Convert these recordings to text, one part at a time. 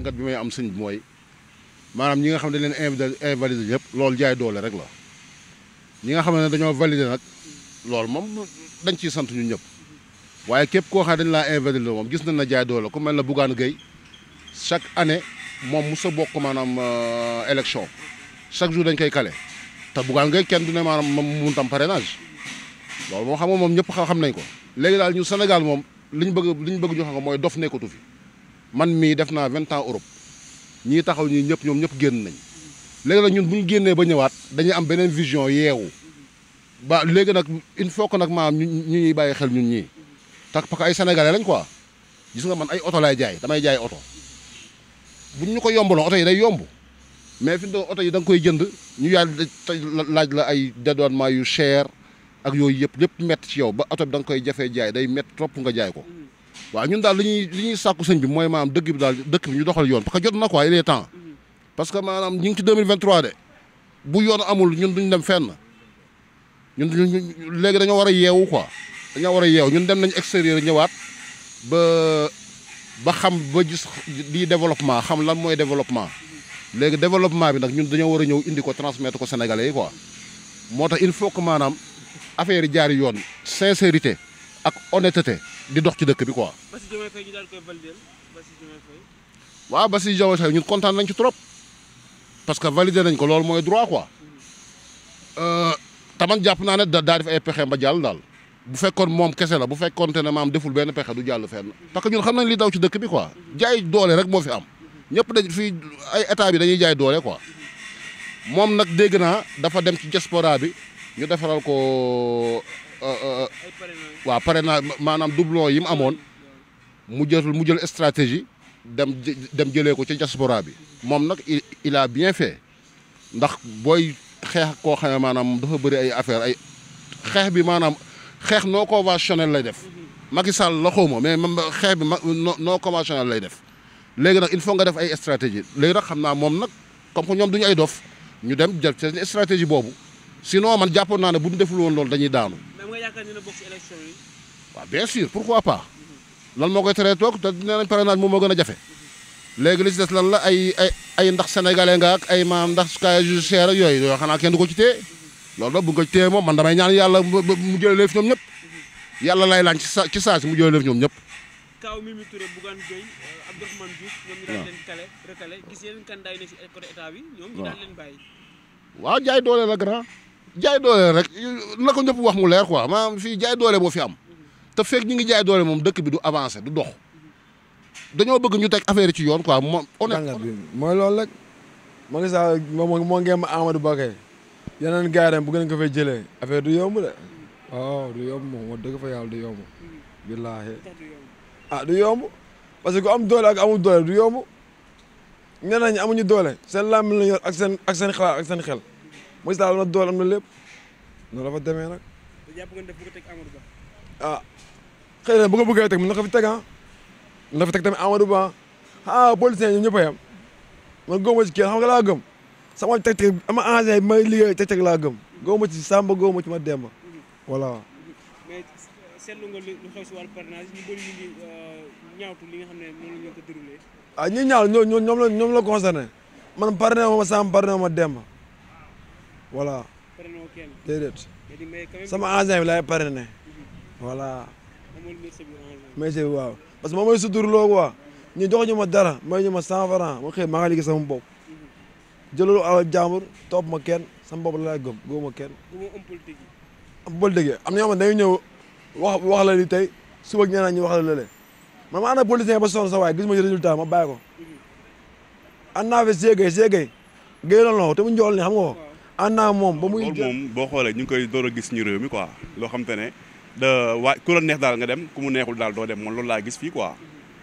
jàngat bi may am sëñ bi mooy maanaam ñi nga xam ne dañ leen invalidé yëpp loolu jaay doole rek la ñi nga xam ne dañoo validé nag loolu moom dañ ciy sant ñu ñëpp waaye képp koo xam ne dañ laa invalidé moom gis nañ na jaay doole ku mel na Bougane Gueye chaque année moom mu sa bokk maanaam euh, élection chaque jour dañ koy kale te Bougane Gueye kenn du ne maanaam moom mun tam parrainage loolu moo xam moom ñëpp xam nañ ko léegi daal ñu Sénégal moom liñ bëgg liñ bëgg ñu xam ko mooy dof nekkatu fi man mii def naa vingt ans Europe ñii taxaw ñii ñëpp ñoom ñëpp génn nañ léegi nag ñun bu ñu génnee ba ñëwaat dañuy am beneen vision yeewu ba léegi nag il faut que nag maam ñu ñuy bàyyi xel ñun ñii tax parce que ay sénégalais lañ quoi gis nga man ay oto lay jaay damay jaay oto bu ñu ko yombaloon oto yi day yomb mais fi mu oto yi da nga koy jënd ñu yàlla laaj la ay dédouanement yu cher ak yooyu yëpp lépp métti ci yow ba oto bi da nga koy jafee jaay day métti trop nga jaay ko. waaw ñun daal li ñuy li ñuy sàkku sëñ bi mooy maanaam dëgg bi daal dëkk bi ñu doxal yoon parce que jot na ko il est temps parce que maanaam ñu ngi ci 2023 de bu yoon amul ñun dañu dem na ñun duñ léegi dañoo war a yeewu quoi dañoo war a yeewu ñun dem nañu extérieur ñëwaat ba ba xam ba jis di développement xam lan mooy développement léegi développement bi nag ñun dañoo war a ñëw indi ko transmettre ko Sénégalais yi quoi moo tax il faut que maanaam affaire jaari jaar yoon sincérité ak honnêteté. di dox ci dëkk bi quoi. Bassirou Diomaye Faye koy valider Bassirou waaw Bassirou Diomaye Faye ñun kontaan nañ ci trop parce que valider nañ ko loolu mooy droit quoi euh, taman jàpp naa ne da daa def ay pexe ba jàll daal bu fekkoon moom kese na bu fekkoon te ne maam deful benn pexe du jàll fenn parce que ñun xam nañ li daw ci dëkk bi quoi jaay doole rek moo fi am ñëpp dañ fi ay état bi dañuy jaay doole quoi moom nag dégg naa dafa dem ci diaspora bi ñu defaral ko. waa pare naa maanaam doublon yi mu amoon mu jël mu jël stratégie dem dem jëlee ko ci diaspora bi moom nag il a bien fait ndax booy xeex koo ne maanaam dafa bëri ay affaire ay xeex bi maanaam xeex non conventionnel lay def Macky Sall la xaw ma mais xeex bi non conventionnel lay def léegi nag il faut nga def ay stratégie léegi nag xam naa moom nag comme que ñoom duñu ay dof ñu dem jël seen stratégie boobu sinon man jàppoon naa ne bu ñu deful woon loolu dañuy daanu yaakaar ne na bokk ci élection yi. waaw bien sûr pourquoi pas. lan moo koy teree toog te nee nañ parrainage moom moo gën a jafe. léegi la ci des lan la ay ay ndax sénégalais nga ak ay maam ndax cas judiciaire yooyu yoo xanaa kenn du ko ci téye. loolu nag bu nga ko moom man damay ñaan yàlla mu jëlee leen fi ñoom ñëpp. yàlla lay laan ci sa saa si mu jëlee leen fi ñoom ñëpp. Kaaw Mimi Touré Bougane Gueye euh, Abdourahmane Diouf. waaw ñoom ñu daan leen kale recalé gis yeneen leen bàyyi. waaw jaay doole la grand. jaay doole rek na ko ñëpp wax mu leer quoi maanaam fii jaay doole boo fi am te fekk ñu ngi jaay doole moom dëkk bi du avancé du dox dañoo bëgg ñu teg affaire ci yoon quoi moom. honnêtement bi mooy loolu rek. moo gis daal moom moo ngeem Amadou Bakay yeneen gars yi bu ngeen ko fay jëlee affaire du yomb de waaw oh, du yomb moom wax dëgg fa yàlla du yomb. billaahi ah du yomb parce que ku am doole ak amul doole du yomb ñeneen ñi amuñu doole seen làmmiñ la yor ak seen ak seen xalaat ak seen xel. Moïse daal am na doole am na lépp noonu la fa demee nag. te jàpp nga def bu teg Amadou Ba. ah xëy na bu ko bëggee teg mën na ko fi teg ah mën na fi teg tamit Amadou Ba ah policiers ñoom ñëpp a yem man ci kenn xam nga laa gëm sama teg teg ama engins bi may teg laa gëm góobamu ci Samba góobamu ci ma Demba voilà. mais seetlu nga lu xew ñu bëri ñu ngi euh, ñaawtu li nga la ñu ko déroulé. ah ñi ñaaw ñoo ñoom la man parrainé ma Samba parrainé ma Demba. voilà sama engin bi laay parrainé mhm. voilà merci waaw parce que moom mooy suturloo quoi ñu jox ma dara ma ñu ma cent franc ma xëy maa ngi liggéey sama bopp mhm. jëlalu alal jàmbur ma kenn sama bopp la laay gëm gëm ma kenn. am politique yi am na yoo xam ne dañuy ñëw wax la li tey suba ak ñeneen ñi wax la lële ma ànd ak politicien ba sonn sa waay gis ma ci résultat ma bàyyi ko. ànd mhm. naa fi Seye Gueye Seye Gueye te mu njool ni xam nga ana moom ba muy. loolu moom boo xoolee ñu ngi koy door a gis ñu réew mi quoi loo xam te ne da waa ku la neex daal nga dem ku mu neexul daal doo dem man loolu laa gis fii quoi.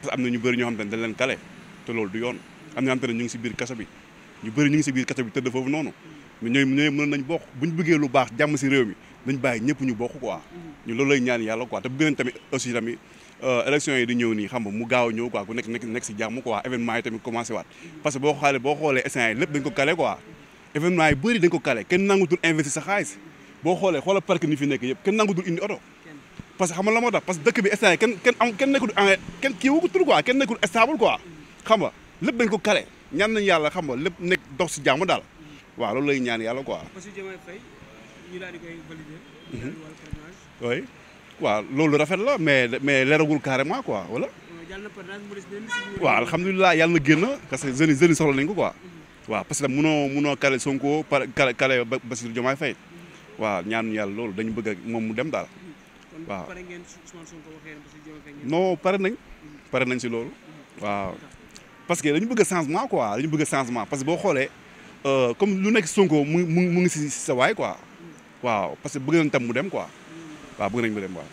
am na ñu bëri ñoo xam te leen kale te loolu yoon am na ñoo ñu ngi si biir kaso bi ñu bëri ñu ngi si biir kaso bi tëdd foofu noonu mais ñooy ñooy nañ bokk bu ñu lu baax jàmm si réew mi nañ bàyyi ñëpp ñu bokk quoi ñu loolu lay ñaan yàlla quoi te bëgg nañ tamit aussi tamit euh, élection yi di ñëw nii xam mu gaaw ñëw quoi ku nekk nekk si jàmm quoi événement yi tamit commencé waat parce boo xoolee boo xoolee essence yi lépp dañ ko kale événement yi bëri dañ ko kale kenn nangutul investir sa xaalis boo xoolee xoola parc ni fi nekk yëpp kenn nangutul indi oto parce que xam nga la moo tax parce que dëkk bi instant yi kenn kenn am kenn nekkul en kenn ko kenn nekkul stable quoi xam nga lépp dañ ko kale ñaan nañ yàlla xam nga lépp nekk dox si jàmm daal waaw loolu lay ñaan yàlla quoi. monsieur Diomaye mhm. waaw loolu rafet la mais mais leeragul carrément quoi wala. waaw alhamdulilah yàlla na génn parce que jeunes yi jeunes soxla nañ ko quoi. Mhm. waaw parce que mënoo munoo kale Sonko par kale kale Bassirou Diomaye Faye waaw ñaanuñu yàlla loolu dañu bëgg moom mu dem daal waaw non pare nañ pare nañ si loolu mm-hmm. waaw parce que dañu bëgg changement quoi dañu bëgg changement parce que boo xoolee euh, comme lu nekk Sonko mu mu ngi si sa waay quoi mm. waaw parce que bëgg nañ tam mu dem quoi mm. bëgg nañ mu dem waaw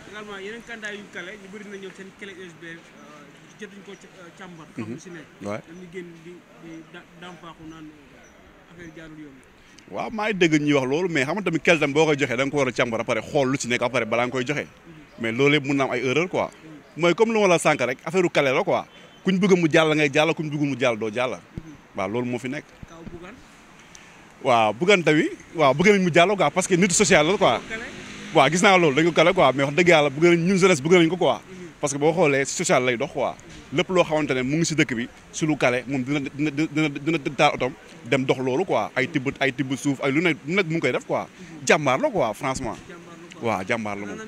jotuñ ko euh, càmbar. Mhm. xam nga si nekk. waay dañuy génn di di dàmpaaxu naan euh, affaire waaw maa ngi dégg wax loolu mais xam nga tamit kel tam boo koy joxee da nga ko war a càmbar ba pare xool lu ci nekk a pare balaa nga koy joxe. Mhm. mais loolu yëpp mun na am ay erreur quoi. Mhm. mooy comme lu ma la sànq rek affaire kale la quoi kuñ bëgg mu jàll ngay jàll kuñ bëggul mu jàll doo jàll. waaw loolu moo fi nekk. waaw buggante wi waaw bëgg nañ mu jàll quoi parce que nit social la quoi. gis naa loolu dañ ko kale quoi mais wax dëgg yàlla bëgg nañ ñun jeunesse parce que boo xoolee social lay dox quoi lépp loo xamante ne mu ngi si dëkk bi su lu kale moom dina dina dina dina taal otom dem dox loolu quoi ay tibb ay tibb suuf ay lu ne lu nekk mu ngi koy def quoi jàmbaar la quoi waaw jàmbaar la moom.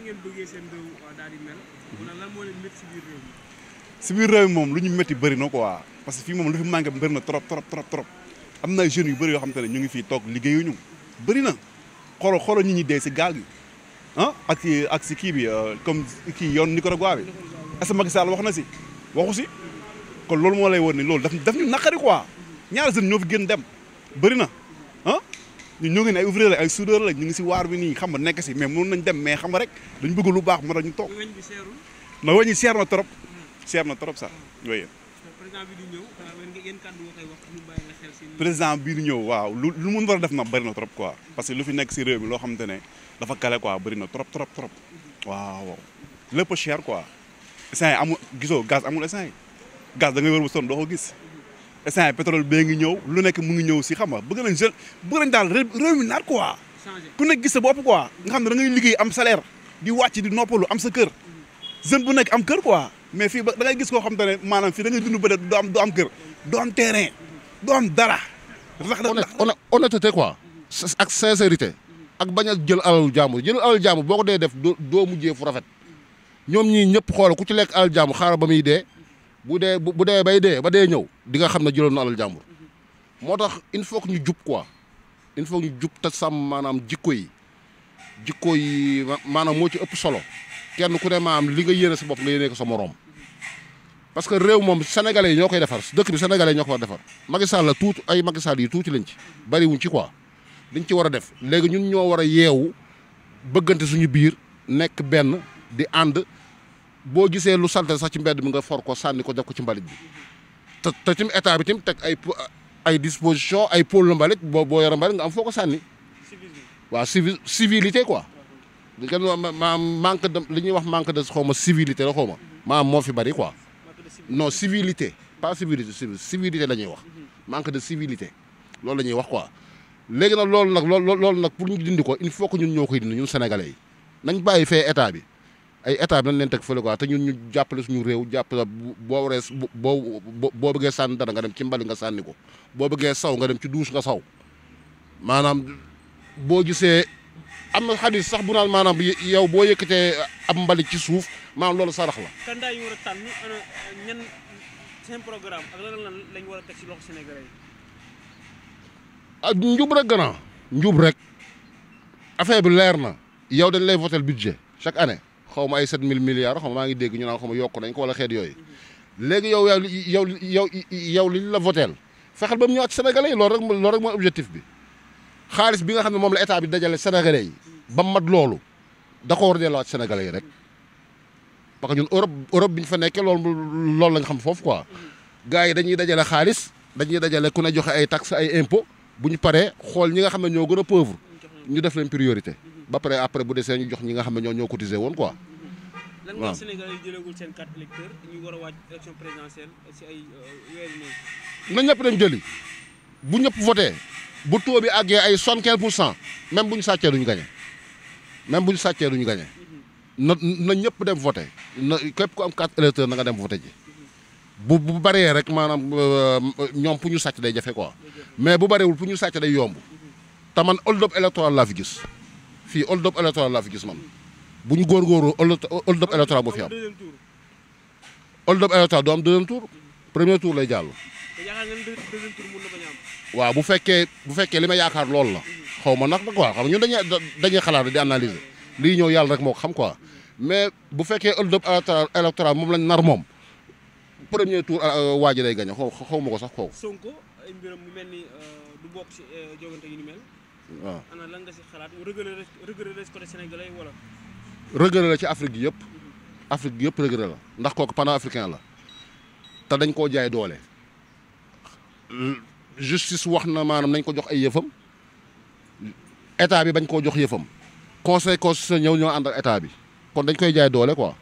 si biir moom lu ñu métti bëri na quoi parce que fii moom lu fi manqué bëri na trop trop trop trop am na ay jeunes yu bëri yoo xamante ne ñu ngi fii toog liggéeyuñu bëri na xooloo xooloo nit ñi dee si gaal gi. ah ak si ak si kii bi euh, comme kii yoon Nicaragua bi est-ce que wax na si waxu si kon loolu moo lay woon ni loolu daf daf ñu naqari quoi ñaari jeunes ñoo fi gën dem bëri na ah ñu ñoo ngi ne ay ouvrier la ay soudeur la ñu ngi si waar bi nii xam nga nekk si mais mënoon nañ dem mais xam nga rek dañ bëgg lu baax mu tax ñu toog ma weñ bi seer na trop seer na trop sax yooyu président bi di ñëw waaw lu lu mun war def nag bëri na trop quoi parce que lu fi nekk si réew mi loo xamante ne dafa kale quoi bëri na trop trop trop waaw lépp cher quoi essence yi amul gisoo gaz amul essence yi gaz da ngay wër bu sonn doo ko gis essence yi pétrole bee ngi ñëw lu nekk mu ngi ñëw si xam nga bëgg nañ jeune bëgg nañ daal réew ku nekk gis sa bopp quoi nga xam ne da ngay liggéey am salaire di wàcc di noppalu am sa kër jeune bu nekk am kër quoi mais fii ba da ngay gis koo xam te ne maanaam fii da ngay dund bële du am du am kër du am terrain du am dara. ndax honnêteté quoi. ak sincérité. ak bañ a jël alalu jàmbur jël alalu jàmbur boo ko dee def doo mujjee fu rafet ñoom ñii ñëpp xool ku ci lekk alalu jàmbur xaaral ba muy dee bu dee bu dee bay dee ba dee ñëw di nga xam ne jëloon na alalu moo tax il faut que ñu jub ko il faut ñu jub ta sàmm maanaam jikko yi jikko yi maanaam moo ci ëpp solo kenn ku ne maanaam li nga yéene sa bopp nga yéene sa moroom. parce que réew moom sénégalais yi ñoo koy defar dëkk bi sénégalais yi ñoo ko war defar Macky la tuuti ay Macky Sall yi tuuti lañ ci bariwuñ ci quoi liñ ci war a def léegi ñun ñoo war a yeewu bëggante suñu biir nekk benn di ànd boo gisee lu salte sax ci mbedd mi nga for ko sànni ko def ko ci mbalit bi te te état bi tim teg ay ay disposition ay pôle mbalit boo boo nga am foo ko sànni waaw civi civilité quoi li ngeen ma manque de li ñuy wax manque de xaw ma civilité la xaw ma maam moo fi bari quoi non civilité pas civilité civilité la ñuy wax manque de civilité loolu la ñuy wax quoi léegi nag loolu nag lool nag pour ñu dindi ko il faut que ñun ñoo koy dindi ñu sénégalais nañ bàyyi fee état bi ay état bi nañ leen teg fële quoi te ñun ñu jàppale suñu réew jàppale boo waree boo boo bëggee sànni dara nga dem cimbali nga sànni ko boo bëggee saw nga dem ci douche nga saw maanaam boo gisee am na xadis sax bu naan maanaam yow boo yëkkatee ab mbalit ci suuf maanaam loolu sarax la. kandidaat yi war a tànn ana ñan seen yi. ah rek gannaaw. bi leer na. yow dañ lay voté budget chaque année xaw ma ay 7000 milliards xaw ma maa ngi dégg ñu naan xaw yokk nañ ko wala xeet yooyu mm-hmm. léegi yow yow yow yow li la voté fexeel ba mu ñëwaat Sénégalais yi loolu rek loolu rek mooy objectif bi xaalis bi nga xam ne moom la état bi dajale Sénégalais yi. ba mu mat loolu da ko war a delluwaat Sénégalais yi rek parce que ñun Europe Europe bi ñu fa nekkee loolu loolu la xam foofu quoi gars yi dañuy dajale xaalis dañuy dajale ku ne joxe ay taxes ay impôts bu ñu paree xool ñi nga xam ne ñoo gën a pauvre ñu def leen priorité ba pare après bu desee ñu jox ñi nga xam ne ñoo ñoo cotisé woon quoi. lan nga Sénégal yi jëlagul seen carte électeur ñu war ay euh, weer na ñëpp dem jëli bu ñëpp voté bu taux bi àggee ay soixante-quinze pour cent même bu ñu sàccee duñu gagné. même bu ñu sàccee du ñu gagné na na ñëpp dem voté na képp ku am carte électeur na nga dem voté ji bu bu bëree rek maanaam euh, ñoom pour ñu sacc day jafe quoi mais bu bëriwul pour ñu sàcc day yomb te man hold up laa fi gis fii hold up électoral laa fi gis man bu ñu góor hold up électoral bu fi am hold up électoral du am deuxième tour premier tour lay jàll. waaw bu fekkee bu fekkee li ma yaakaar loolu la. xaw ma nag quoi xam ñun dañuy dañuy xalaat di analyser lii ñëw yàll rek moo xam quoi mais bu fekkee ëllëg électoral moom lañ nar moom premier tour euh, waa ji day gañ ma ko sax kooku. Sonko ay mbiram mu mel ni euh, du bokk ci euh, la ci Afrique gi yëpp. Afrique gi yëpp regret la ndax kooku panafricain la te dañ koo jaay doole. justice wax na maanaam nañ ko jox ay yëfam. état bi bañ koo jox yëfam conseil constitution ñëw ñoo ànd ak état bi kon dañ koy jaay doole ko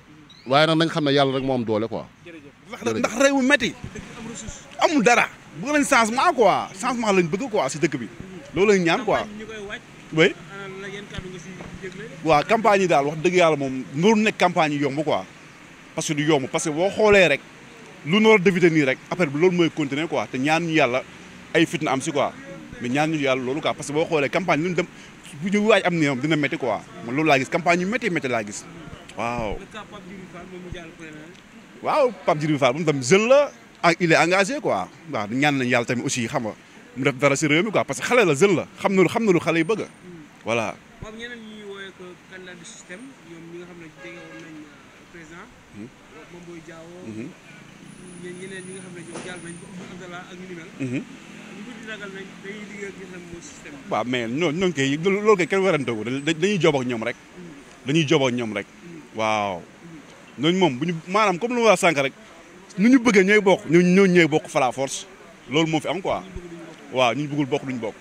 waaye nag nañ xam ne yàlla rek moom am doole quoi. jërëjëf ndax réew mi métti amul dara bëgg nañ changement lañ bëgg quoi si dëkk bi loolu lañ ñaan quoi. oui waaw daal wax dëgg yàlla moom nuru nekk campagne yombu yomb quoi parce que du yomb parce que boo xoolee rek lu noor dévité nii rek après bi loolu mooy continuer quoi te ñaan yàlla ay fitna am si quoi. mais ñaan ñu yàlla loolu quoi parce que boo xoolee campagne lu ñu dem bu ñu waaj am néewam loolu laa gis campagne yu métti métti laa gis waaw. waaw Pape Djibril la ak engagé quoi ñaan nañu yàlla tamit aussi xam nga mu def dara si mi quoi parce xale la jeune la xam na lu xam na lu xale yi bëgg voilà. waaw mais non ñooñu koy loolu koy kenn werantewu dañuy job ñoom rek mm. dañuy job ñoom rek mm. waaw mm. ñooñu moom bu ñu maanaam comme lu ma la sànq rek nu ñu bëggee ñooy bokk ñooñu ñooñu ñooy bokk fala force loolu moo fi am quoi waaw ñu bëggul bokk duñ bokk.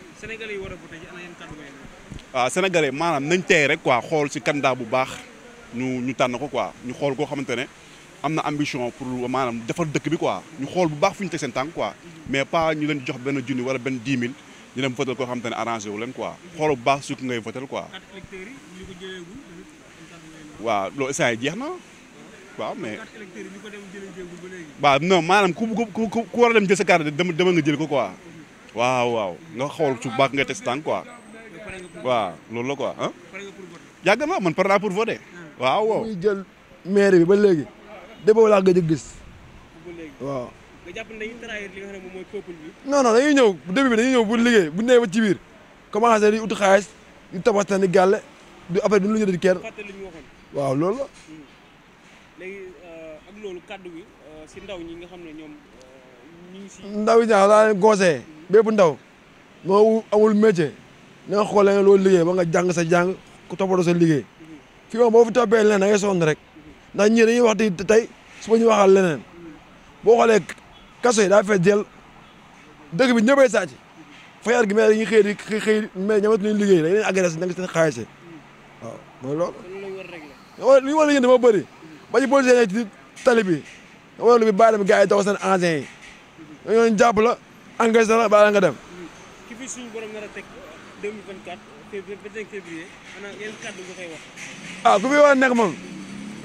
Sénégalais yi war maanaam nañu tey rek quoi xool si candidat bu baax ñu ñu tànn ko quoi ñu xool koo xamante ne am na ambition pour maanaam defar dëkk bi quoi ñu xool bu baax fu ñu teg seen tànk quoi mais pas ñu leen jox benn junni wala benn dix mille ñu dem votel koo xam te ne arrangé wu leen quoi xool bu baax surtout ngay votel quoi. waaw yi jeex na waaw mais. waaw non maanaam ku ku ku ku a dem jël sa carte dama dama ko quoi. waaw waaw nga xool nga teg sa tànk loolu la quoi ah. yàgg na man pare naa pour voter. waaw waaw muy jël maire bi ba léegi. déboo laa gëj a gis. waaw. nga jàpp ne dañuy trahir li ñëw début bi dañuy ñëw bu liggéey bu nee ba ci biir commencé di uti xaalis di tabax ni gàlle du après du ñu la jëlee kër. waaw loolu hmm. euh, loolu kaddu gi euh, ndaw ñi nga xam ne ñoom euh, yi ñaax laa ndaw moo amul métier na nga xoolee loolu ba nga jàng sa jàng ku toppatoo sa liggéey. Hmm. fii moom boo fi toppee leneen rek. ndax ñii dañuy wax di tey suba ñu waxal leneen boo xoolee kaso yi daa jel jël dëkk bi ñëppay sàcc fajar gi mais dañuy xëy di xëy mais ñamatu ñu liggéey dañ leen seen xaalis waaw mooy loolu. li ñu war a liggéey dama bëri ba ci policier nekk ci tali bi wala bi bàyyi dem gars yi taxaw seen anciens yi dañoo ñu jàpp la engrais la bala nga dem. ki a teg 2024 25 février maanaam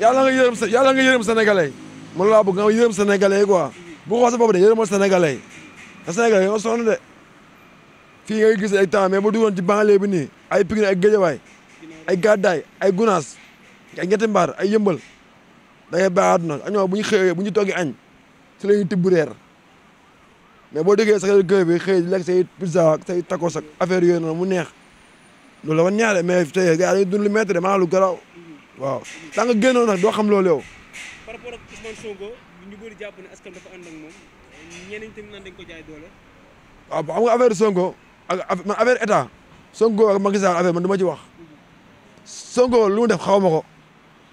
yàlla nga yërëm yàlla nga yërëm sénégalais man laa bëgg nga yërëm sénégalais quoi bu xool sa bopp de yërëmal sénégalais te sénégalais nga sonn de fii ngay gis ay temps mais bu duggoon ci banlieue bi nii ay Pikine ay Guédiawaye ay Gàddaay ay Gunaas ay Ñetti Mbaar ay Yëmbal da ngay bàyyi àdduna añoo bu ñu xëyee bu ñu toggee añ si la ñuy tibb reer mais boo déggee sax gën bi xëy lekk say pizza ak say tacos ak affaire yooyu noonu mu neex loolu la woon ñaare mais tey gars yi dañuy dund lu métti de maanaam lu garaaw waaw da nga génnoon nag doo xam loolu yow. par ñu bëri jàpp ne askan xam nga affaire Sonko ak man affaire état Sonko man du ma ci wax Sonko lu mu def xaw ma ko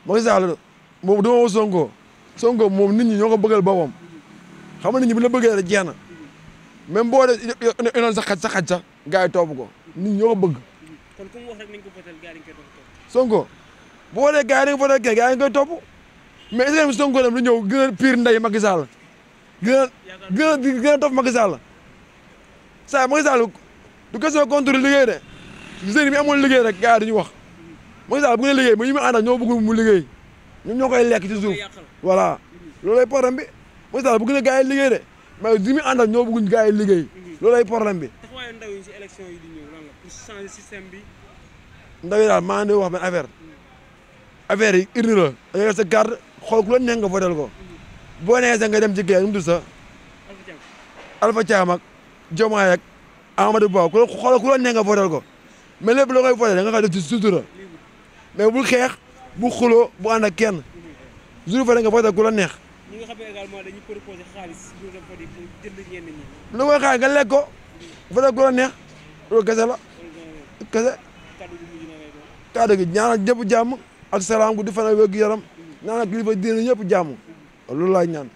Macky Sall moom du ma Sonko Sonko moom nit ñi ñoo ko bëggal boppam xam nga nit ñi bu la bëggee rek jeex na même boo dee inoon sa xaj sa xaj sax gars yi ko nit ñoo ko bëgg. kon ku Sonko. bu wootee gars yi da nga voté kenn gars yi nga koy topp mais est-ce que Sonko dem du ñëw gën a pire ndey Macky Sall gën a gën a gën a topp Macky Sall saa Macky Sall du question contre liggéey de jeune bi amul liggéey rek gars yi dañuy wax Macky Sall bu ngeen liggéey ba ñu mu àndal ñoo bëggul mu liggéey ñoom ñoo koy lekk ci suuf voilà loolay problème bi Macky Sall bëgg na gars yi liggéey de mais ñi mu àndal ñoo bëgguñ gars yi liggéey loolay problème bi. taxawaayu ndaw yi ci élection yi di ñëw lan la pour changer système bi. ndaw yi daal maa ngi wax benn affaire. affaire yi urne la da ngay sa carte xool ku nga boo nga dem ci kii nu mu tudd sax Alpha Thiam ak Diomaye ak Amadou Ba ku la xool ku la neex nga votel ko mais lépp loo koy voté da nga mais bu xeex bu xuloo bu ànd ak kenn neex. ñi xam ne également dañuy ko voté ku la neex kese la kese. kàddu gi ñaanal jëpp jàmm. ak salaam guddi fan ak yaram ñaan ak kilifa diine ñëpp jàmm loolu laay ñaan